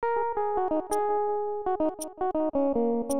Thank you.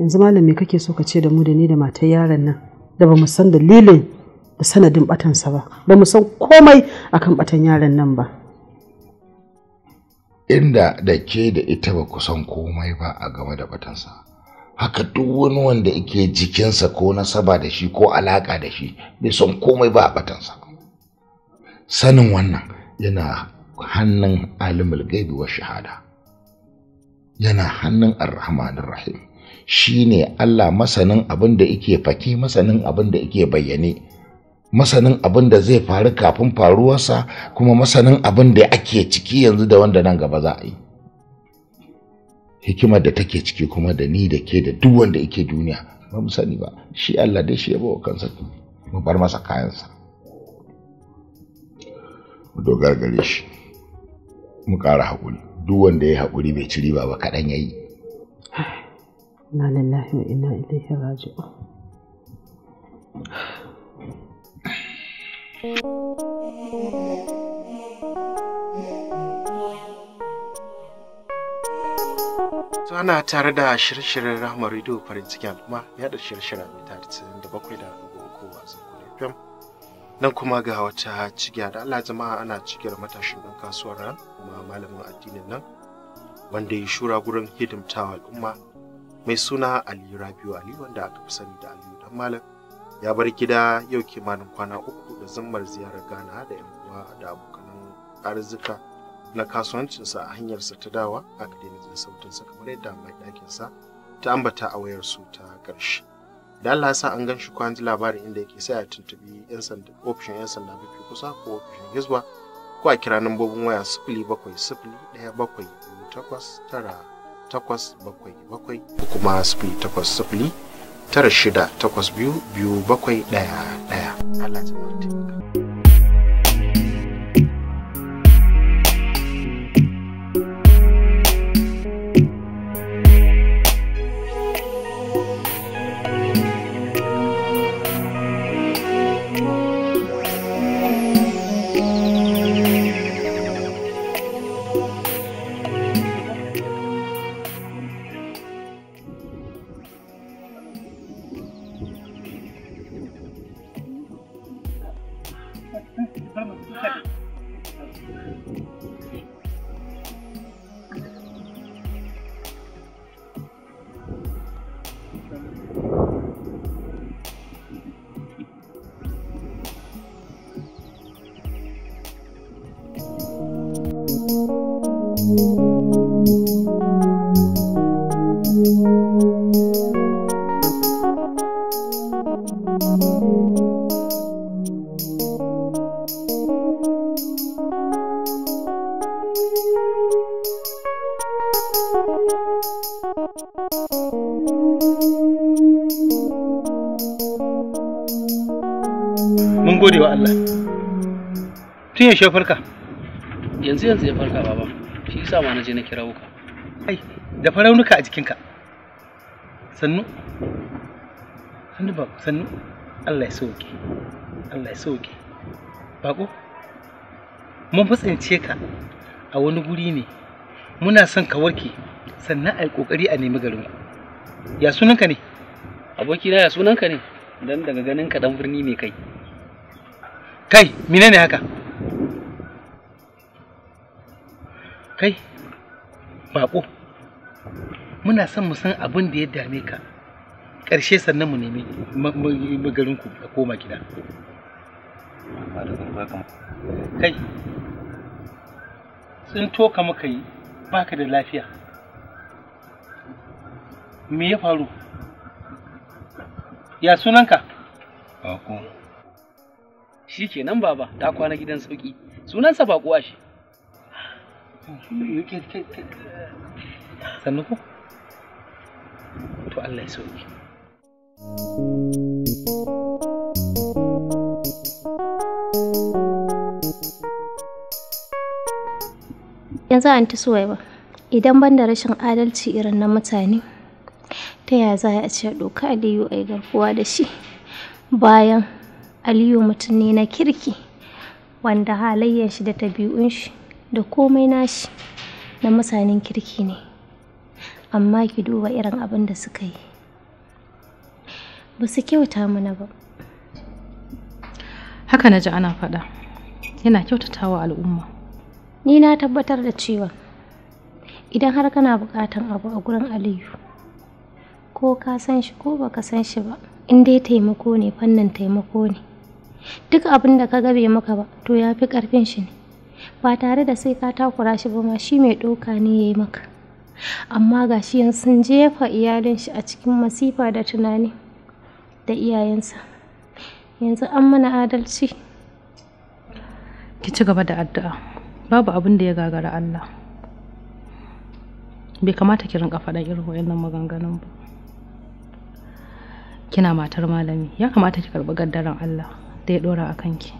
yanzu malami kake so ka ce da mu da ni da matar yaron nan da ba mu san dalilin da sanadin batansa ba ba mu san komai akan batan yaron nan ba inda da ke da ita ba kusan komai ba a game da batansa haka duk wani wanda yake jikinsa ko nasaba da shi ko alaka da shi bai son komai ba a batansa sanin wannan yana hannun alimul gaibi wa shahada yana hannun arrahmanir rahim shine Allah masanin abin da yake faki masanin abin da yake bayyane masanin abin da zai faru kafin faruwarsa kuma masanin abin da ake ciki yanzu da wanda nan gaba za a yi hikimar da take ciki kuma da ni da ke da duk wanda yake duniya ba mu sani ba shi Allah dai shi ya bawa kansa mu bar masa kayansa mu dogara gare shi mu ƙara haƙuri duk wanda ya haƙuri bai ci riba ba kaɗan ya yi inna lillahi wa inna ilaihi raji'un So ana tare da shirye-shiryen Rahama Radio farin ciki al'umma ya da shirye-shiryen mita 97 da uku a kula FM. Nan kuma ga wata cigiya da Allah jama'a ana cigiyar matashin ɗan kasuwar ran kuma malamin addinin nan wanda ya shura gurin hidimtawa al'umma mai suna Aliyu Rabiu Ali wanda aka fi sani da Aliyu Dan Malam. ya bar gida yau kimanin kwana uku da zammar ziyarar ghana da yan uwa da abokanan arzika na kasuwancinsa a hanyarsa ta dawa a da sautinsa kamar yadda mai ɗakinsa ta ambata a wayarsu ta ƙarshe da Allah sa an ganshi shi kwan ji labarin inda yake sai a tuntubi yan sanda ofishin yan sanda mafi kusa ko ofishin hizba ko a kira nambobin waya sifili bakwai sifili ɗaya bakwai biyu takwas tara takwas bakwai bakwai ko kuma sifili takwas sifili tara shida takwas biyu biyu bakwai ɗaya ɗaya Allah Mun gode wa Allah. Tun yaushe farka? Yanzu yanzu ya farka baba. Shi yasa ma na je na kira wuka. Ai, da faraunuka a jikinka. Sannu. Sannu ba, sannu. Allah ya soke. Allah ya soke. Bako. Mun fatsince ka a wani guri ne. Muna son ka warke sannan a yi ƙoƙari a nemi garinku. ya sunanka ne abokina ya sunanka ne dan daga ganin ka dan birni ne kai kai menene haka kai bako muna son mu san abin da ya dame ka ƙarshe sannan mu nemi magarinku a koma gida kai sun toka muka yi baka da lafiya me ya faru ya sunanka bako shi ke nan baba ta kwana gidan sauki sunansa bako ashe. sannu ko to allah ya sauki yanzu an ta ba idan ban da rashin adalci irin na mutane ta yaya za a ce doka aliyu a yi garkuwa da shi bayan aliyu mutum ne na kirki wanda halayyar shi da tabi'un shi da komai nashi na mutanen kirki ne amma ki duba irin abin da suka yi ba su kyauta mana ba haka na ji ana faɗa yana kyautata wa al'umma ni na tabbatar da cewa idan har kana buƙatan abu a gurin aliyu ko ka san shi ko baka san shi ba in dai taimako ne fannin taimako ne duk abin da ka gabe maka ba to ya fi karfin shi ne ba tare da sai ka takura shi ba ma shi mai ɗauka ne ya yi maka amma ga shi yanzu sun jefa iyalin shi a cikin masifa da tunani da iyayensa yanzu an mana adalci ki ci gaba da addu'a babu abin da ya gagara Allah bai kamata ki rinka faɗan irin wayannan maganganun ba kina matar malami ya kamata ki karbi gaddaran Allah da ya ɗora a kanki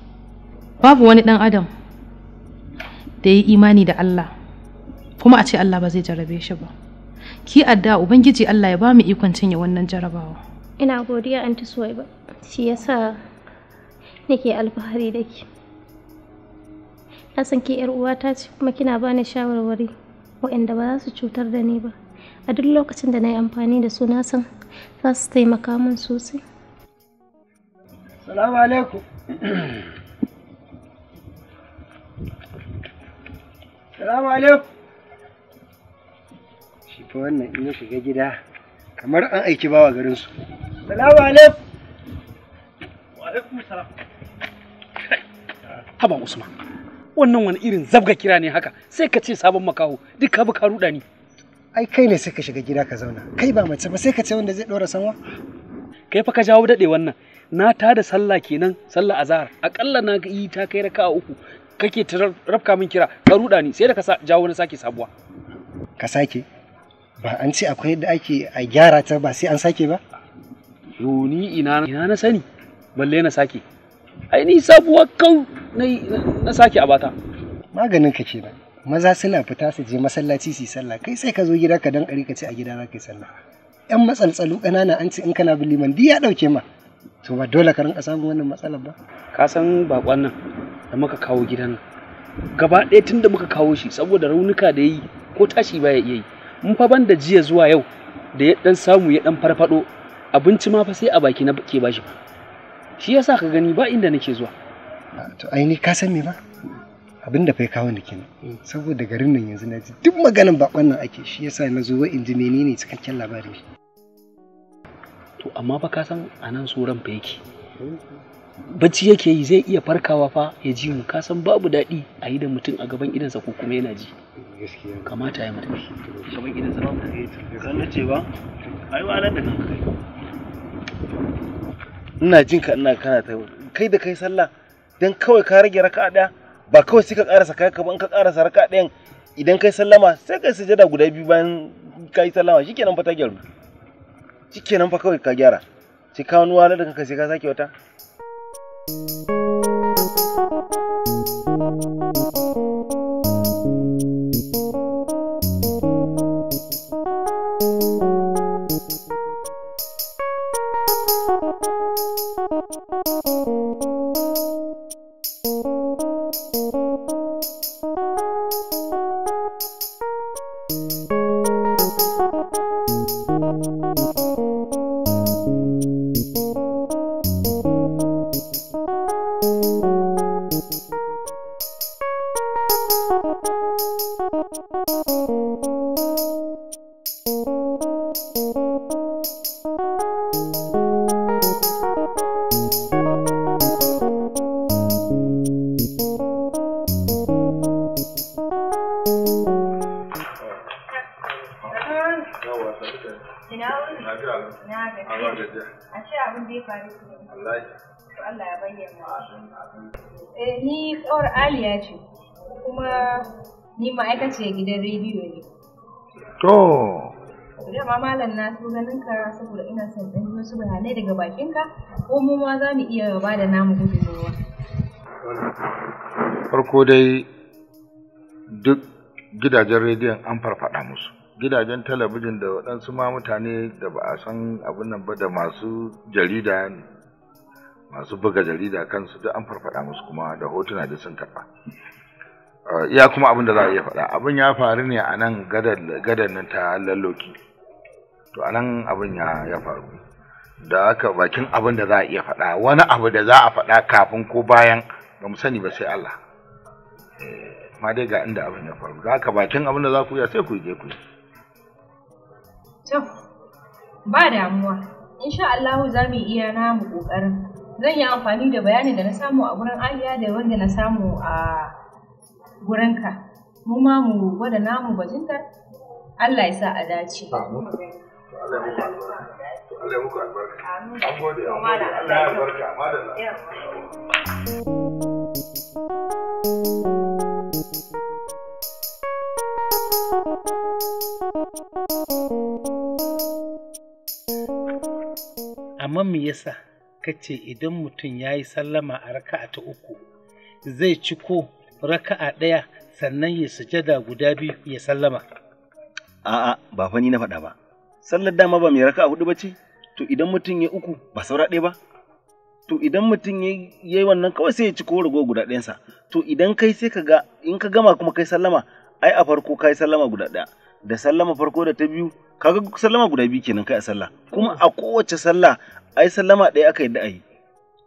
babu wani ɗan adam da ya yi imani da Allah kuma a ce Allah ba zai jarabe shi ba ki adda ubangiji Allah ya ba mu ikon cinye wannan jarabawa ina godiya anti Suwaiba shi yasa nake alfahari da ki na san ke yar uwata ce kuma kina bani shawarwari waɗanda ba za su cutar da ni ba a duk lokacin da na yi amfani da su na san za su taimaka min sosai salamu alaikum salamu alaikum shi fa wannan in ya shiga gida kamar an aiki bawa su. salamu alaikum wa alaikum salam haba usman wannan wani irin zabga kira ne haka sai ka ce sabon makaho duk ka bi ka ni ai kai ne sai ka shiga gida ka zauna kai ba mace ba sai ka ce wanda zai ɗora sanwa kai fa ka jawo daɗe wannan na ta da sallah kenan sallah azhar akalla na ga yi ta kai raka uku kake ta rafka min kira ka ruda ni sai da ka jawo na sake sabuwa ka sake ba an ce akwai yadda ake a gyara ta ba sai an sake ba yo ni ina ina na sani balle na sake ai ni sabuwa kau na sake a bata maganin ka kenan maza suna fita su je masallaci su yi sallah kai sai ka zo gida ka dan ka ce a gida za ka yi sallah yan matsaltsalu ƙanana an ce in kana bin liman ya ɗauke ma to ba dole ka rinka samun wannan matsalar ba ka san bakon nan da muka kawo gidan nan gaba ɗaya tun da muka kawo shi saboda raunuka da yi ko tashi baya iya yi mun fa ban da jiya zuwa yau da ya dan samu ya dan farfado abinci ma fa sai a baki na ke bashi ba shi yasa ka gani ba inda nake zuwa to ai ni ka san me ba abin da fai kawo ni kenan mm. saboda garin nan yanzu na ji duk maganin bakon nan ake shi yasa na zo in ji menene cikakken labarin shi to amma fa ka san anan suran fa yake mm. bacci yake yi zai iya farkawa fa ya ji mu ka san babu daɗi a yi da mutum a gaban idansa ko kuma yana ji kamata ya mutum gaban idansa ba mutum eh, kan na ce ba ai ba nan da kan kai ina jin ka ina kana ta kai da kai sallah dan kawai ka rage raka'a ɗaya ba kawai sai ka karasa kai ka ban ka karasa raka ɗayan idan kai sallama sai kai sujada guda biyu bayan kai sallama shikenan fa ta gyaru shikenan fa kawai ka gyara sai ka wani wala da kanka sai ka sake wata thank you Música fariki eh, ni kawar aliya ce kuma ni ma'aikaciyar gidan rediyo ne to Dama malam na so ganin ka saboda ina son ɗan wasu bayanai daga bakin ka ko mu ma za mu iya ba da namu gudunmawa. Farko dai duk gidajen rediyon an farfada musu. gidajen talabijin da waɗansu ma mutane da ba a san abin nan ba da masu jarida masu buga jarida kansu duk an farfada musu kuma da hotuna da sun taɓa. Uh, ya kuma abin da za a iya faɗa abin ya faru ne a nan gadar nan ta lalloki to a nan abin ya faru da aka bakin abin da za a iya faɗa wani abu da za a faɗa kafin ko bayan ba mu sani ba sai Allah eh, ma dai ga inda abin ya faru da aka bakin abin da za ku iya sai ku je ku yi To, ba damuwa, insha Allahu za mu iya namu ƙoƙarin. Zan yi amfani da bayanin da na samu a gurin Aliya da wanda na samu a gurinka. Mu ma mu gwada namu bajinta, Allah ya sa a dace. Allah ya Amma me yasa kace idan mutum ya yi sallama a raka'a ta uku zai ci ko raka'a ɗaya sannan ya sujada guda biyu ya sallama? A'a ba fa ni na faɗa ba. Sallar dama ba mai raka'a hudu ba ce? To idan mutum ya uku ba saura ɗaya ba? to idan mutum ya yi wannan kawai sai ya ci ko rago guda ɗayansa to idan kai sai ka ga in ka gama kuma kai sallama ai a farko kai sallama guda ɗaya da sallama farko da ta biyu kaga sallama guda biyu kenan kai a sallah kuma a kowace sallah ai sallama ɗaya aka yadda ayi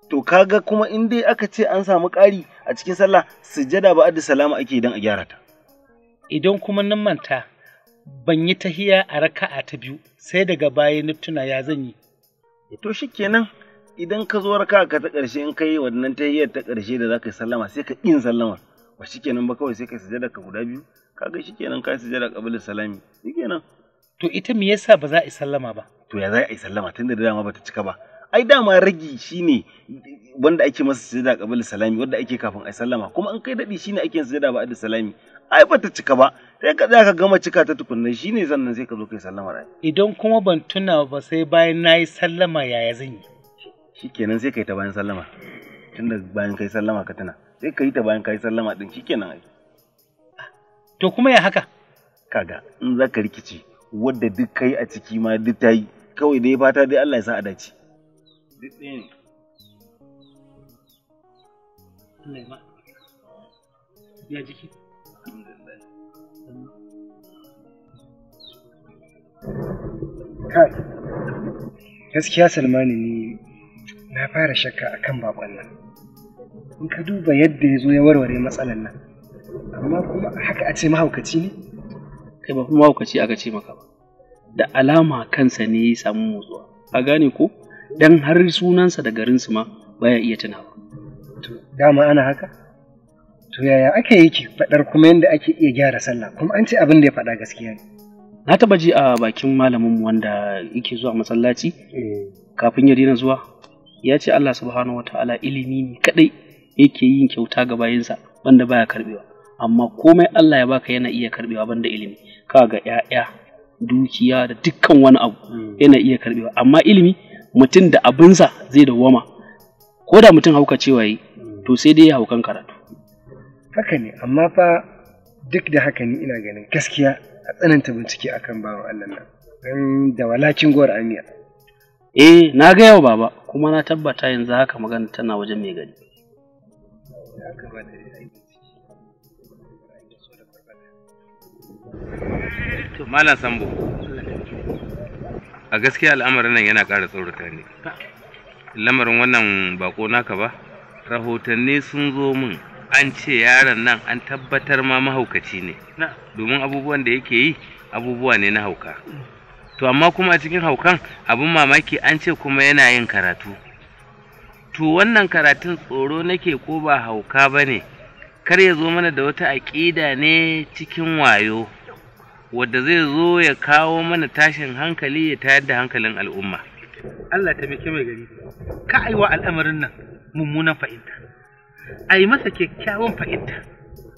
to kaga kuma in dai aka ce an samu ƙari a cikin sallah sujada ba da salama ake idan a gyara ta idan kuma nan manta ban yi tahiya a raka'a ta biyu sai daga baya tuna ya zan yi to shikenan idan ka zo raka'a ka ta ƙarshe in kai wannan tahiyar ta ƙarshe da zaka yi sallama sai ka in sallama ba shikenan ba kawai sai ka sujada ka guda biyu kaga shikenan kai sujada qabla salami shikenan to ita me yasa ba za a yi sallama ba to ya za a yi sallama tunda da dama bata cika ba ai dama ragi shine wanda ake masa sujada qabla salami wanda ake kafin a yi sallama kuma an kai dadi shine ake sujada ba da salami ai bata cika ba sai ka za ka gama cika ta tukunna shine sannan sai ka zo kai sallama rai idan kuma ban tuna ba sai bayan nayi sallama yaya zan yi shikenan sai kai ta bayan sallama tunda bayan kai sallama ka tuna sai ka yi ta bayan kai sallama din shikenan ai To kuma ya haka? Kaga in za ka rikice wadda duk kai a ciki ma duk ta yi kawai dai fata dai Allah ya sa a dace. Duk Allah ya ma. Ya jiki. Kai, gaskiya Salmani ne na fara shakka akan bakon nan. In ka duba yadda ya zo ya warware matsalar nan, amma kuma haka a ce mahaukaci ne kai ba kuma mahaukaci aka ce maka ba da alama kansa ne ya samu motsuwa a gane ko dan har sunansa da garinsu ma baya iya tunawa to dama ana haka to yaya ake yake fadar kuma yanda ake iya gyara sallah kuma an ce abin da ya faɗa gaskiya ne na taba ji a bakin malamin wanda yake zuwa masallaci eh. kafin ya daina zuwa ya ce Allah subhanahu wataala ilimi ne kadai yake yin kyauta ga bayinsa wanda baya karbewa amma komai Allah ya baka yana iya karbewa banda ilimi kaga ƴaƴa dukiya da dukkan wani abu mm. yana iya karbewa amma ilimi mutum da abinsa zai dawwama ko da mutum hauka cewa yi mm. to sai dai ya haukan karatu haka ne amma fa duk da haka ni ina ganin gaskiya a tsananta bincike akan bawan Allah nan dan da walakin gwar amiya eh na ga yau baba kuma na tabbata yanzu haka magana tana wajen mai gari to malam sambo a gaskiya al'amarin nan yana ƙara tsorata ne lamarin wannan bako naka ba rahotanni sun zo min an ce yaron nan an tabbatar ma mahaukaci ne domin abubuwan da yake yi abubuwa ne na hauka to amma kuma a cikin haukan abin mamaki an ce kuma yana yin karatu to wannan karatun tsoro nake ko ba hauka ba ne kar ya zo mana da wata aƙida ne cikin wayo wadda zai zo ya kawo mana tashin hankali ya tayar da hankalin al'umma Allah ta mai gari ka aiwa al'amarin nan mummunan fahimta a yi masa kyakkyawan fahimta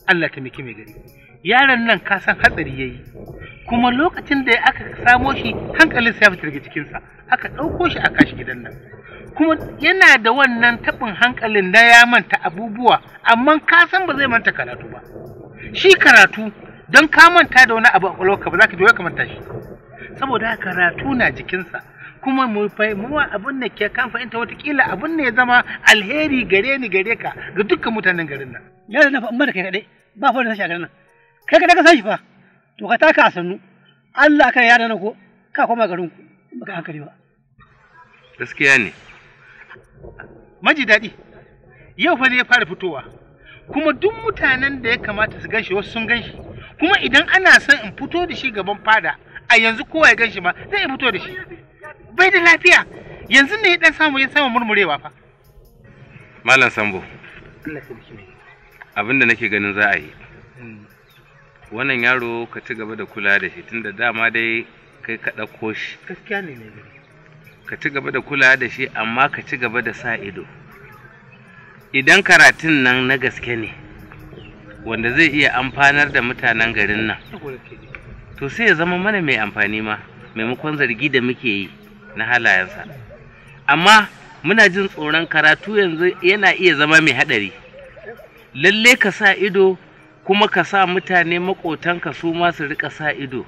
Allah ta mai gari yaron nan ka san hatsari ya yi kuma lokacin da aka samo shi hankalin sa ya fita daga cikinsa aka ɗauko shi a kashi gidan nan kuma yana da wannan taɓin hankalin na ya manta abubuwa amma ka san ba zai manta karatu ba shi karatu don ka manta da wani abu a ƙwaƙwalwarka ba za ka je ka manta shi saboda karatu na jikinsa kuma mu fahimwa abin da ke kan fahimta watakila abin ne ya zama alheri gare ni gare ka ga dukkan mutanen garin nan. Yana na fa'amma da kai kaɗai ba fa da sashi a garin nan. Kai kaɗai ka sashi fa to ka taka a sannu Allah ka yada na ko ka koma garin ku baka hankali ba. Gaskiya ne. maji daɗi yau fa ya fara fitowa kuma duk mutanen da ya kamata su ganshi wasu sun ganshi kuma idan ana son in fito da shi gaban fada a yanzu kowa ya ganshi ma zai iya fito da shi bai da lafiya yanzu ne ya dan samu ya samu murmurewa fa malam sambo abinda nake ganin za a yi hmm. wannan yaro ka ci gaba da kula da shi tunda dama dai kai ka ɗauko shi gaskiya ne ne ka ci gaba da kula da shi amma ka ci gaba da sa ido idan karatun nan na gaske ne wanda zai iya amfanar da mutanen garin nan to sai ya zama mana mai amfani ma maimakon zargi da muke yi na halayensa amma muna jin tsoron karatu yanzu yana iya zama mai haɗari lalle ka sa ido kuma ka sa mutane maƙotanka su ma su riƙa sa ido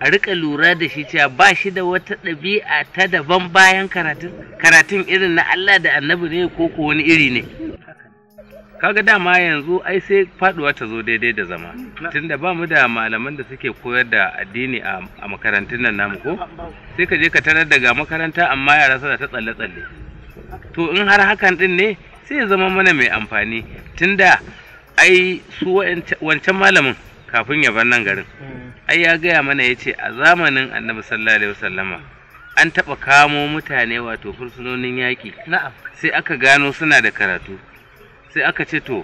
a rika lura da shi cewa ba shi da wata ɗabi'a ta daban bayan karatun karatun irin na Allah da annabi ne ko ko wani iri ne kaga dama yanzu ai sai faduwa ta zo daidai da zama tunda ba mu da malaman da suke koyar da addini a makarantun nan namu ko sai ka je ka tarar daga makaranta amma yara suna ta tsalle tsalle to in har hakan din ne sai ya zama mana mai amfani tunda ai su wancan malamin kafin ya bar nan garin hmm. ai ya gaya mana ya ce a zamanin annabi sallallahu alaihi wasallama an taɓa kamo mutane wato fursunonin yaƙi sai aka gano suna da karatu sai aka ce to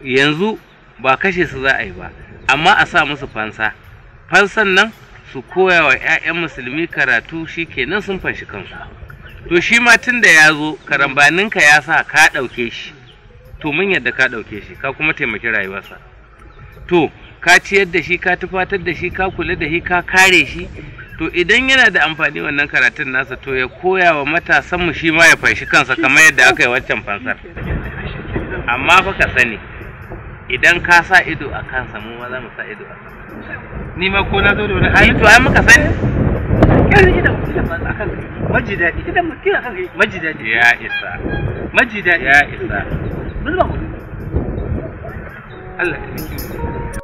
yanzu ba kashe su za a yi ba amma a sa musu fansa fansan nan su koya wa 'ya'yan musulmi karatu shi kenan sun fanshi kansu to shi ma tun da ya zo karambaninka ya sa ka ɗauke shi to mun yadda ka ɗauke shi ka kuma taimaki rayuwarsa to ka ciyar da shi ka tufatar da shi ka kula da shi ka kare shi to idan yana da amfani wannan karatun nasa to ya koya wa matasan mu shi ma ya faishi kansa kamar yadda aka yi waccan fansar amma fa ka sani idan ka sa ido a kansa mu ma za mu sa ido a kansa ni ma ko na zo da wani "Ayi to ai muka sani kiran shi da akan maji daɗi idan mu kira kan maji daɗi ya isa maji daɗi ya isa Allah ta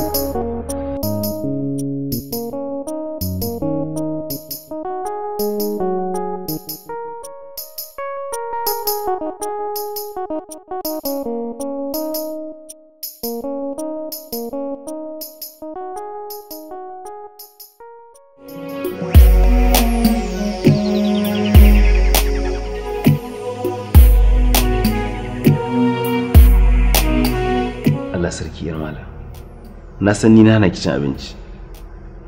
na san ni na hana ki cin abinci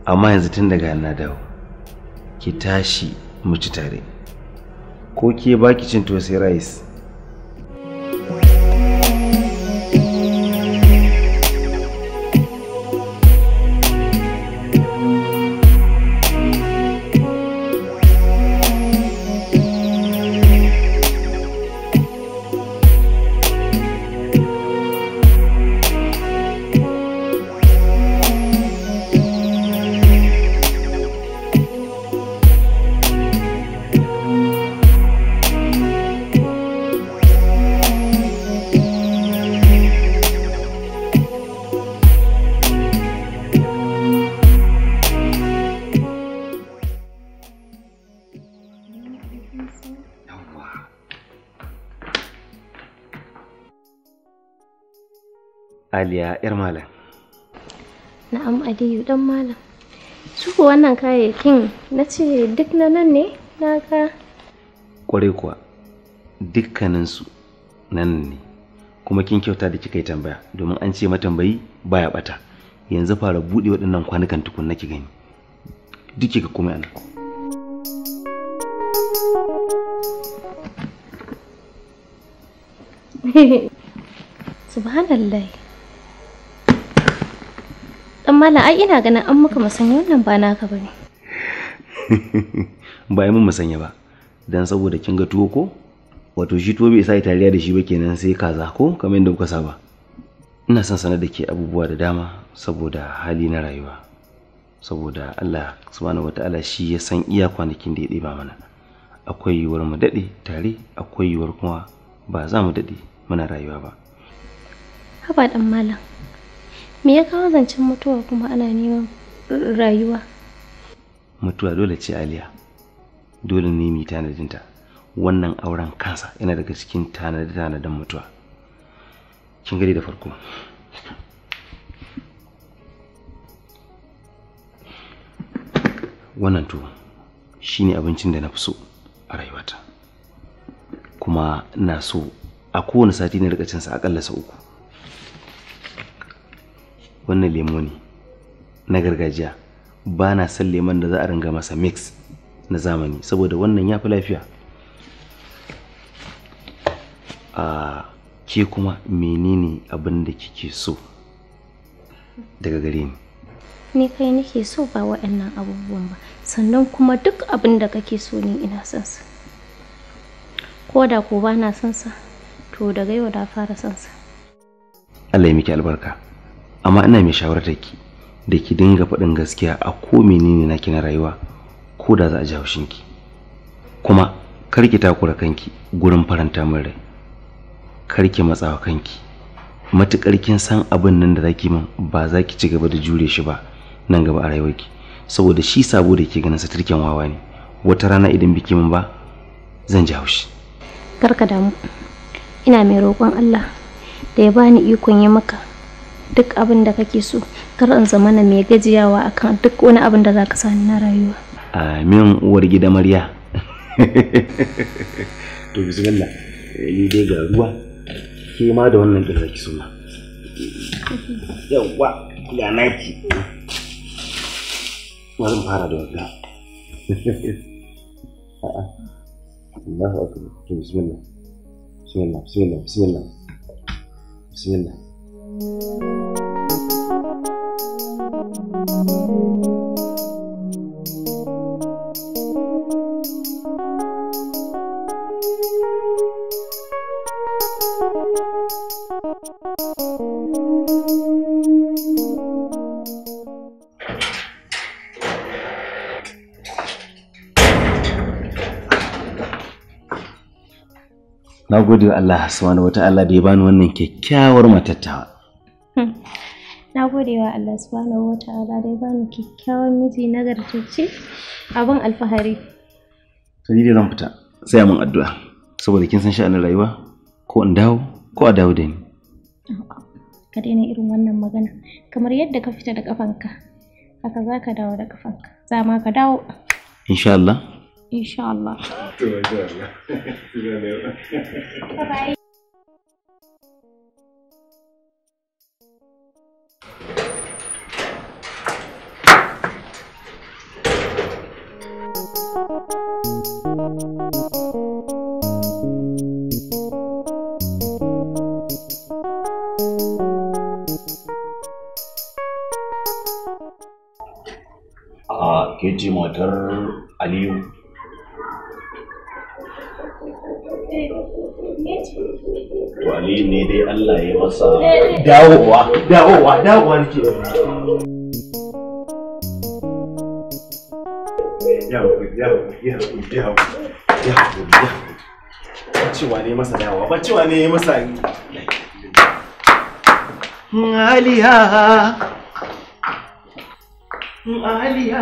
amma yanzu tun daga na dawo ki tashi mu ci tare ko ke baki cin tuwo sai rice Aliya yar malam. Na'am Aliyu dan malam. Su wannan kayayyakin na ce duk na nan ne na ga. Kwarai kuwa dukkaninsu nan ne kuma kin kyauta da kika yi tambaya domin an ce matambayi baya bata yanzu fara buɗe waɗannan kwanukan tukun naki gani duk kika kuma Subhanallah. mala ai ina ganin an muka musanya wannan ba naka bane ba mun musanya ba dan saboda kin ga tuwo ko wato shi tuwo bai isa italiya da shi ba kenan sai kaza ko kamar yadda kuka saba ina son sanar da ke abubuwa da dama saboda hali na rayuwa saboda Allah subhanahu wataala shi ya san iya kwanakin da ya ɗiba mana akwai yiwuwar mu daɗe tare akwai yiwuwar kuma ba za mu daɗe muna rayuwa ba haba dan malam me ya kawo zancen mutuwa kuma ana neman rayuwa mutuwa dole ce aliya dole ne mu tanadinta wannan auren kansa yana daga cikin tanadin mutuwa kin gari da farko wannan shi shine abincin da na fi so a rayuwata kuma na so a kowane sati na rika cinsa akalla sau uku wannan lemo ne na gargajiya ba na son lemon da za a ringa masa mix na zamani saboda wannan ya fi lafiya a ke kuma menene abin da kike so daga gare ni ni kai nake so ba waɗannan abubuwan ba sannan kuma duk abin da kake so ne ina son sa ko da ko ba na son sa to daga yau da fara son sa Allah ya miki albarka amma ina mai da ki da ki dinga faɗin gaskiya a ko menene naki na rayuwa ko da za a ji haushin ki kuma kar ki takura kanki gurin faranta min rai kar ki matsawa kanki matukar kin san abin nan da zaki min ba za ki ci gaba da jure shi ba nan gaba a rayuwarki saboda shi sabo da ke ganin satirken wawa ne wata rana idan biki min ba zan ji haushi karka damu ina mai roƙon Allah da ya bani ikon yi maka duk abin da kake so kar in zamana mai gajiyawa akan duk wani abin da za ka sani na rayuwa amin uwar gida marya to bismillah eh, ni dai ga ruwa ke ma da wannan da zaki suna yawa ya naki wani fara da wata Allahu akbar bismillah bismillah bismillah bismillah bismillah na gode wa Allah subhanahu ta'ala da ya bani wannan kyakkyawar matattawa Allah subhanahu wa ta'ala da ya bani kyakkyawan miji nagartacce abin alfahari Sai dai zan fita sai a mun addu'a saboda kin san sha'anin rayuwa ko in dawo ko a dawo da ni ka daina irin wannan magana kamar yadda ka fita da kafanka haka za ka dawo da kafanka za ma ka dawo insha Allah insha Allah ji matar aliyu to aliyu ne dai allah ya masa dawowa dawowa dawowa nake yawo yawo ne masa dawa ba ne masa Aliya Aliya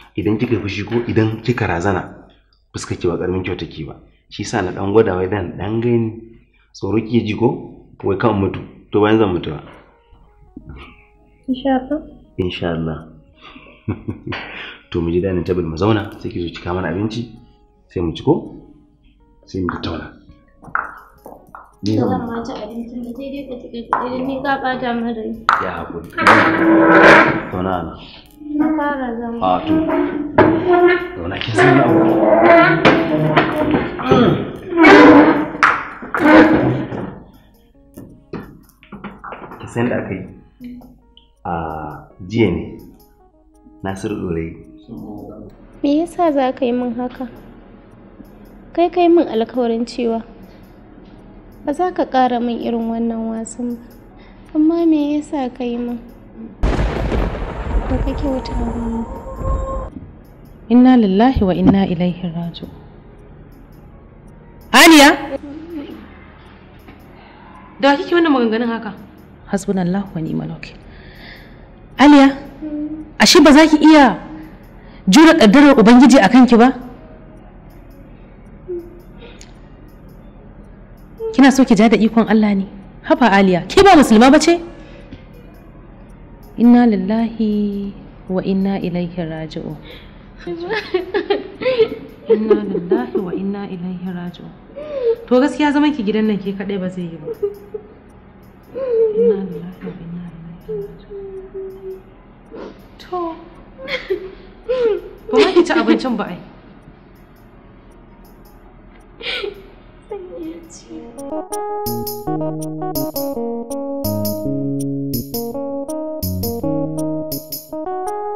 idan kika fushi ko idan kika razana fuskar ki ba karmin kyauta ke ba shi sa na dan gwada wai dan dan gani tsoro ki ji ko wai kan mutu to bayan zan mutu ba insha Allah insha Allah to mu je dining table mu zauna sai ki zo cika mana abinci sai mu ci ko sai mu tattauna Ni zan ma ci abincin sai dai ka ci ka ci ni ka bata mara. Ya haƙuri. Tauna ana. na fara zama a ah, to zauna kin san abu ki san da aka yi jiya ne nasiru ɗorai me yasa za ka yi min haka kai ka yi min alkawarin cewa ba za ka ƙara min irin wannan wasan ba amma me yasa ka yi min ko ka kyauta mu inna lillahi wa inna ilaihi raji'un Aliya da kike wannan maganganun haka hasbunallahu wa ni'mal wakil Aliya ashe ba za ki iya jura kaddarar ubangiji a kanki ba kina so ki ja da ikon Allah ne haba Aliya ke ba musulma ba ce inna lillahi wa inna ilaihi raji'u inna lillahi wa inna ilaihi raji'u to gaskiya ki gidan nan ke kadai ba zai yi ba inna lillahi wa inna ilaihi raji'u to ba ki ci abincin ba ai Thank you.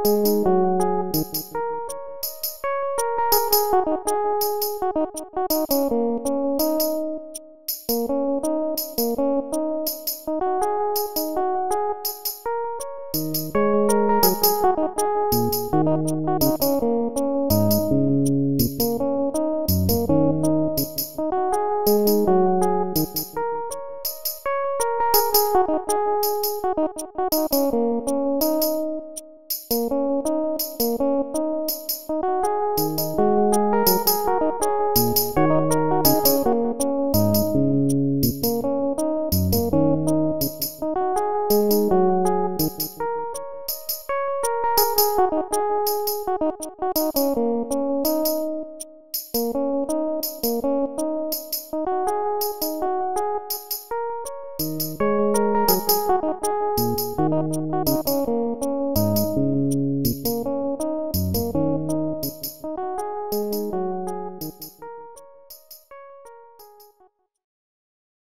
Thank you.